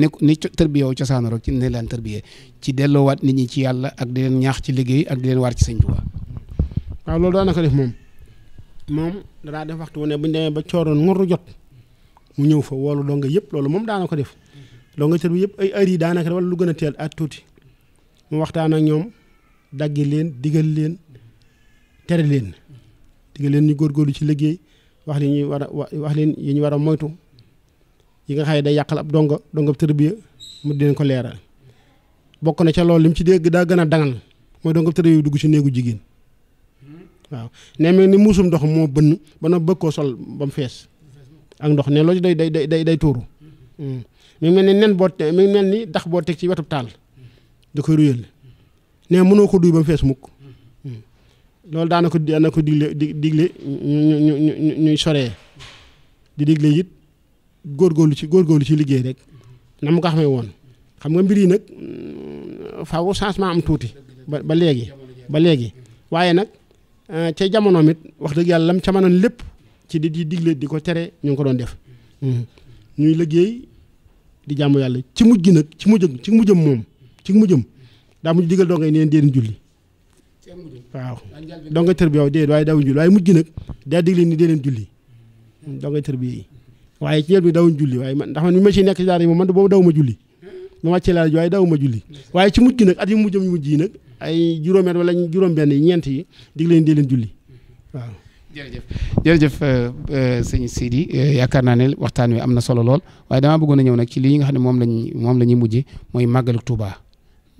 ni ni tarbiya wu cosaano rek ci ne leen tarbiya ci delloowaat nit ñi ci yàlla ak di leen ñaax ci liggéey ak di leen waar ci sëñ Tuubaa. waaw loolu daanaka def moom moom danaa def waxtu wu bu ñu demee ba cooroon nguru jot mu ñëw fa woolu dong yëpp loolu moom daana ko def dong tër bi yëpp ay heures yi daanaka wala lu gën a teel at tuuti. mu waxtaan ak ñoom daggi leen digal leen tere leen digal leen ñu góor góorgóorlu ci liggéey wax li ñuy war a wax leen yi ñu war a moytu yi nga xam ne day yàqal ab donga donga tërbiya mu di leen ko leeral bokk na ca loolu lim ci dégg daa gën a dangal mooy donga tërbiya dugg ci néegu jigéen waaw nee mel ni muusum ndox moo ba na bëgg koo sol ba mu fees ak ndox ne loolu day day day day tuuru hmm. mi mel ni nen boo mi ngi mel ni dax boo teg ci wetu taal da koy ruyal ne mënoo ko duy ba mu fees mukk mm-hmm. mm. loolu daana ko daana digle di digle ñu ñu ñuy soree di digle it góorgóorlu ci góorgóorlu ci liggéey rek mm-hmm. na mu ko xamee woon xam nga mbir yi nag mm, faaw changement am tuuti ba ba léegi ba léegi mm-hmm. waaye nag euh, ca jamonoom it wax dëgg yàlla lam ca lépp ci di di digle di ko tere ñu ngi ko doon def ñuy liggéey di jàmm yàlla ci mujj gi nag ci mujj ci mujjam moom ci mu jëm daa mujj digal dong ngay neen déedéet julli waaw dong nga tër waaye daawuñ julli waaye mujj gi nag daa digle ni déedéet julli dong nga tër yi waaye ci yéen bi daawuñ julli waaye man ndax man mi ma ci yi moom man boobu ma wàccee laal ji waaye dawuma julli waaye ci mujj gi nag at yi mu mujj yi nag ay juróom at wala juróom benn ñeent yi digle ni déedéet julli waaw jërëjëf jërëjëf euh, euh, sëñ Sidi euh, yaakaar naa ne waxtaan wi am na solo lool waaye damaa bëggoon ñëw nag ci lii nga xam ne moom lañ moom la ñuy mujj mooy màggalu Touba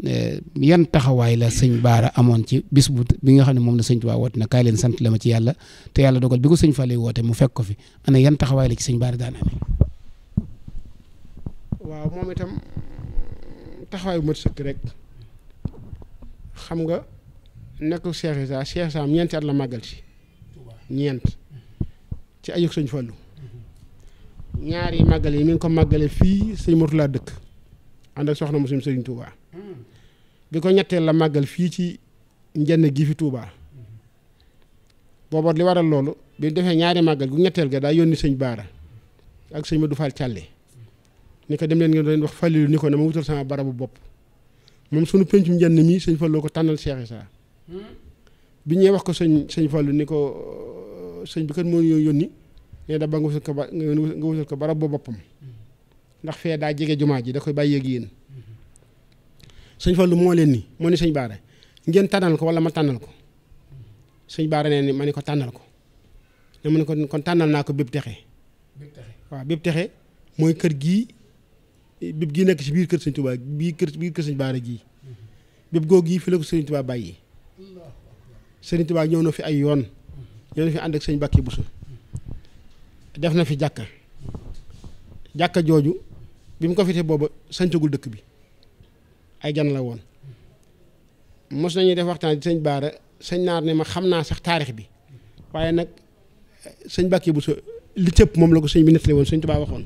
Eh, yan taxawaay la sëñ Baara amoon ci bis bu bi nga xam ne moom la sëñ waa woote na kaay leen sant la ma ci yàlla te yàlla dogal bi ko sëñ Fallou woote mu fekk ko fi ana yan taxawaay la ci sëñ Baara daan waaw moom itam taxawaay bu mat sëkk rek xam nga nekk Cheikh Issa Cheikh Issa ñeenti at la màggal si ñeent ci ayug sëñ Fallou ñaari màggal yi mi ngi ko màggale fii sëñ Murtala dëkk ànd ak soxna mu sëñ Sëriñ Tuubaa bi ko ñetteel la màggal fii ci njenn gii fi tuubaa booba li waral loolu bi mu defee ñaari màggal gu ñetteel ga daa yónni sëñ Baara ak sëñ Madou Fall Thialé ni ko dem leen ngeen doon wax Fallilu ni ko ne ma wutal sama barabu bopp moom sunu pencum njenn mii sëñ ko tànnal Cheikh Issa bi ñuy wax ko sëñ sëñ Fallou ni ko euh, sëñ bi kat moo ñu yónni ne da ba nga wutal ba nga ko barabu boppam ndax fee daa jege jumaa ji da koy bàyyeeg yéen. sëñ Fallu moo leen ni moo ni sëñ Baara ngeen tànnal ko wala ma tànnal ko sëñ Baara nee ni ma ni ko tànnal ko ne ma ne ko kon tànnal naa ko bépp texe waaw bépp texe mooy kër gii bépp gii nekk ci biir kër sëñ Tuubaa bii kër biir kër sëñ Baara gii bépp googu gii fi la ko sëñ Tuubaa bàyyi sëñ Tuubaa ñëw na fi ay yoon ñëw na fi ànd ak sëñ Bàkki Busu def na fi jàkka jàkka jooju bi mu ko fitee booba sancagul dëkk bi ay gan la woon mos nañuy def waxtaan di sëñ Baara sëñ Naar ne ma xam naa sax taarix bi waaye nag eh, sëñ Bàkki bu so li tëpp moom la ko sëñ bi nettali woon sëñ Tuubaa waxoon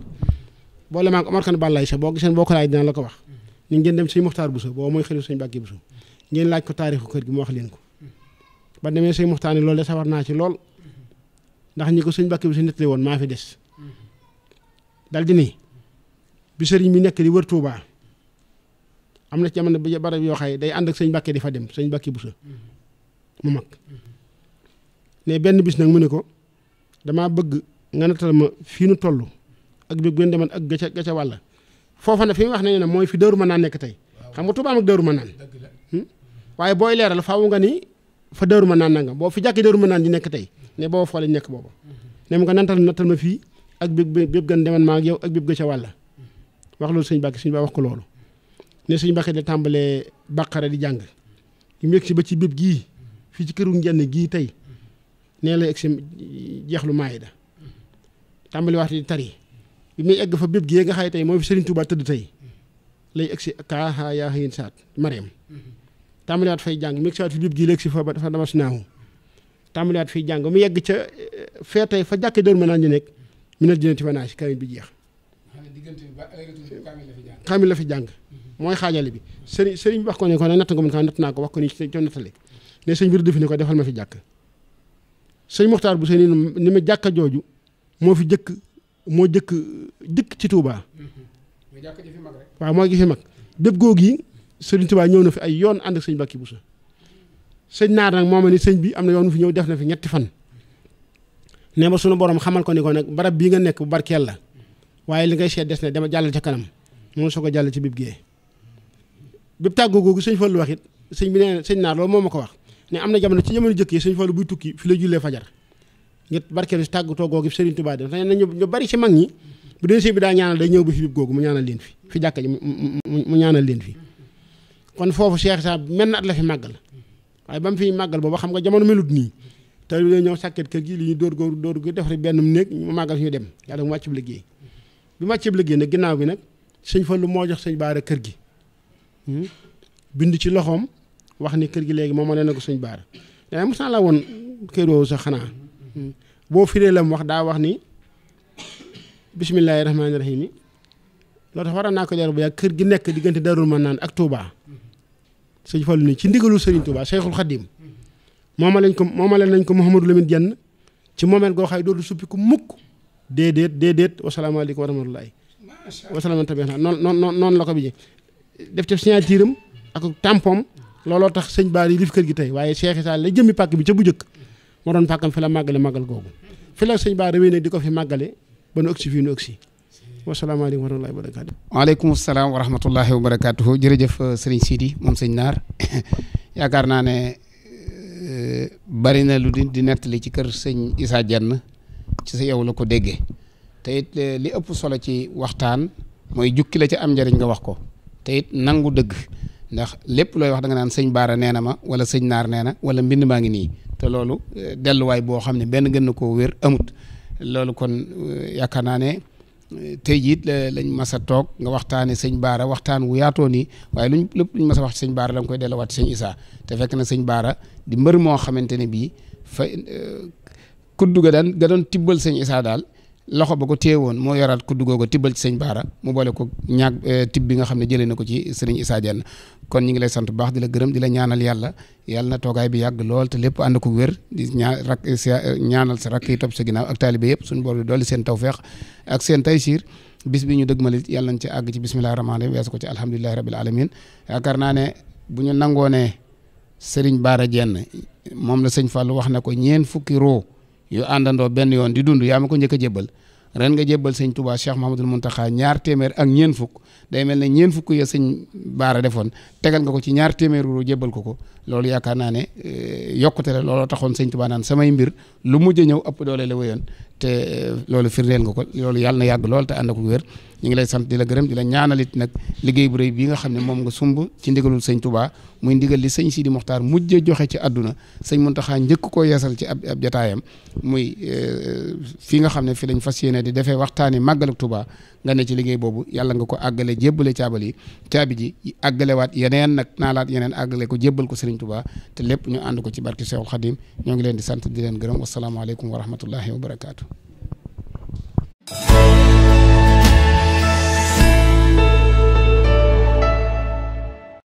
boole maa ngi Omar Kan Bàllaay sax boo giseen boo ko laaj dina la ko wax ñu ngeen dem sëñ Muxtaar Buso boobu mooy xëy sëñ Bàkki Buso ngeen laaj ko taarixu kër gi mu wax leen ko ba demee sëñ Muxtaar ni lool de sawar naa ci lool ndax ñi ko sëñ Bàkki Buso nettali woon maa fi des dal sëriñ bi nekk di wër Tuubaa am na ci jamono bi yoo xay day ànd ak sëñ Mbàkke di fa dem sëñ Mbàkke Buso mu mag ne benn bis nag mu ne ko damaa bëgg nga nattal ma fii nu toll ak bi gën demoon ak gëca gëca wàlla foofa wax ne ne mooy fi Daaru Manaan nekk tey xam nga Tuubaa ak Daaru Manaan hmm? waaye booy leeral faaw nga ni fa Daaru Manaan na boo fi jàkki Daaru Manaan di nekk nekk booba hmm. ne mu ko nantal nattal ma fii ak bi bi gën demoon maa ak yow ak bi gëca wàlla hmm. wax loolu sëñ Mbàkke sëñ ba wax ko loolu ne suñu Mbàkke di tàmbalee bàqara di jàng ñu yegg si ba ci bépp gii fii ci këru njenn gii tey nee la egg si jeexlu maayida tàmbali waxtu di tari bi muy egg fa bépp gii nga xay tey mooy fi Sëriñ Tuubaa tëdd fay jàng mi egg si waat fi bépp gii la egg si fa dafa damas naaw tàmbaliwaat fiy jàng mu yegg ca eh, fee tey fa jàkkee dóor naan ñu nekk mi ne dina ti fa naa bi jeex kaamil la fi jàng mooy xaajale bi sëriñ sëriñ bi wax ko ne ko ne natt nga mën kaa natt naa ko wax ko ni ci nattale ne sëñ bi def ne ko defal ma fi jàkk sëñ Muxtaar bu seen ni ma jàkka jooju moo fi jëkk moo jëkk jëkk ci Touba. waaw mooy gi fi mag dëpp googu yi sëriñ Touba ñëw na fi ay yoon ànd ak sëñ bu Bousso sëñ naar nag moo ma ni sëñ bi am na yoon fi ñëw def na fi ñetti fan ne ma sunu borom xamal ko ni ko nag barab bii nga nekk bu barkeel la waaye li ngay seet des ne dama jàll ca kanam moom soo ko jàll ci bib gee bi tàggoo googu sëñ Fallu wax it sëñ bi nee sëñ naar loolu moo ma ko wax ne am na jamono ci jamono jëkk yi sëñ Fallu buy tukki fi la jullee fajar ngir barkeelu si tàggatoo googu sëriñ Tuubaa dem na ñu bari si mag ñi bu dee sëñ bi ba fi googu mu ñaanal leen fi fi jàkka ji mu ñaanal leen fi kon foofu Cheikh Issa menn at la fi màggal waaye ba mu fi màggal booba xam nga jamono melut nii te lu ñëw sàkket kër gi li ñu dóor góor dóor gi defari benn néeg mu màggal fi ñu dem yàlla mu wàcc bi liggéey bi wàcc bi liggéey nag ginnaaw bi nag moo jox sëñ Baara gi Hmm? bind ci loxoom wax ni kër gi léegi moom ma nee na ko suñ baar dana mos naa la woon kër woowu sax xanaa hmm. boo firee la mu wax daa wax ni bismillaahi rahmaani rahiim yi loolu tax waroon naa ko leer bu yàgg kër gi nekk diggante ma naan ak Touba sëñ Fallu ni ci ndigalu Serigne Touba Cheikhul Khadim mooma lañ ko moomale nañ ko Mouhamadou Lamine Diène ci moomeel goo xay dootu suppi ku mukk déedéet déedéet wasalaamaaleykum wa rahmatullaahi wasalaam tabi noonu noonu noonu la ko bijee def ca signature am ak tampom looloo tax sëñ Bara lif kër gi tey waaye Cheikh Issa la jëmmi pàkk bi ca bu njëkk moo doon pàkkam fi la màggale màggal googu fi la sëñ Bara wéy nag di ko fi màggale ba nu ëgsi fii nu ëgsi wasalaamaaleykum wa rahmatulahi wa barakaatu. waaleykum salaam wa rahmatulahi wa barakaatu euh, moom sëñ Naar yaakaar naa ne euh, bari na lu di di nettali ci kër sëñ Issa Diène ci sa yow la ko déggee te it euh, li ëpp solo ci waxtaan mooy jukki la ci am njëriñ nga wax ko. te it nangu dëgg ndax lépp looy wax danga nga naan sëñ baara nee na ma wala sëñ naar nee na wala mbind maa ngi nii te loolu eh, delluwaay boo xam ne benn gën na ko wér amut loolu kon eh, yaakaar naa ne eh, tey jii lañ masa toog nga waxtaanee sëñ baara waxtaan wu yaatoo nii waaye luñ lépp lu mas a wax sëñ baara la nga koy delluwaat sëñ Isaa te fekk na sëñ baara di mbër moo xamante ne bii fa kudd ga daan ga doon tibbal sëñ Isaa daal loxo ba ko téye woon moo yoraat ku duggoo ko tibbal ci sëñ Baara mu boole ko ñaag eh, tib nga xam ne jëlee na ko ci sëriñ Issa Diène kon ñu ngi lay sant bu baax di la gërëm di la ñaanal yàlla yàlla na toogaay bi yàgg lool te lépp ànd ko wér di ñaa rak ñaanal sa rakk yi topp sa ak taalibe yëpp suñu borom di dolli seen tawfeex ak seen taysiir bis bi ñu dëgmal it yàlla nañ ci àgg ci bisimilah rahmaani rahiim weesu ko ci alhamdulilah rabil alamin yaakaar naa ne bu ñu nangoonee sëriñ Baara Diène moom la sëñ Fallou wax na ko ñeen fukki roo yu àndandoo benn yoon di dund yaama ko njëkk a jébbal ren nga jébbal sëñ Touba Cheikh Mahamadul Muntaxa ñaar téeméer ak ñeen fukk day mel ne ñeen fukk ya sëñ baara defoon tegal nga ko ci ñaar téeméer ru jébbal ko ko loolu yaakaar naa ne e, yokkute la looloo taxoon sëñ Tuubaa naan samay mbir lu mujj ñëw ëpp doole la wéyoon te e, loolu firndeel nga ko loolu yàlla na yàgg lool te ànd ak wér ñu ngi lay sant di la gërëm di la ñaanalit nag liggéey bu réy bii nga xam ne moom nga sumb ci ndigalul sëñ Tuubaa muy ndigal li sëñ sii di Muxtaar mujj joxe ci àdduna sëñ Muntaxaa njëkk koo yeesal ci ab ab jataayam muy e, fii nga xam ne fi lañ fas yéene di defee waxtaani màggaluk tubaa nga ne ci liggéey boobu yàlla nga ko àggale jébbale caabal yi caabi ji àggalewaat yeneen nag naalaat yeneen àggale ko jébbal ko Serigne tubaa te lépp ñu ànd ko ci barke Cheikhul Khadim ñoo ngi leen di sant di leen gërëm wasalaamaaleykum wa rahmatullahi wa barakaatu.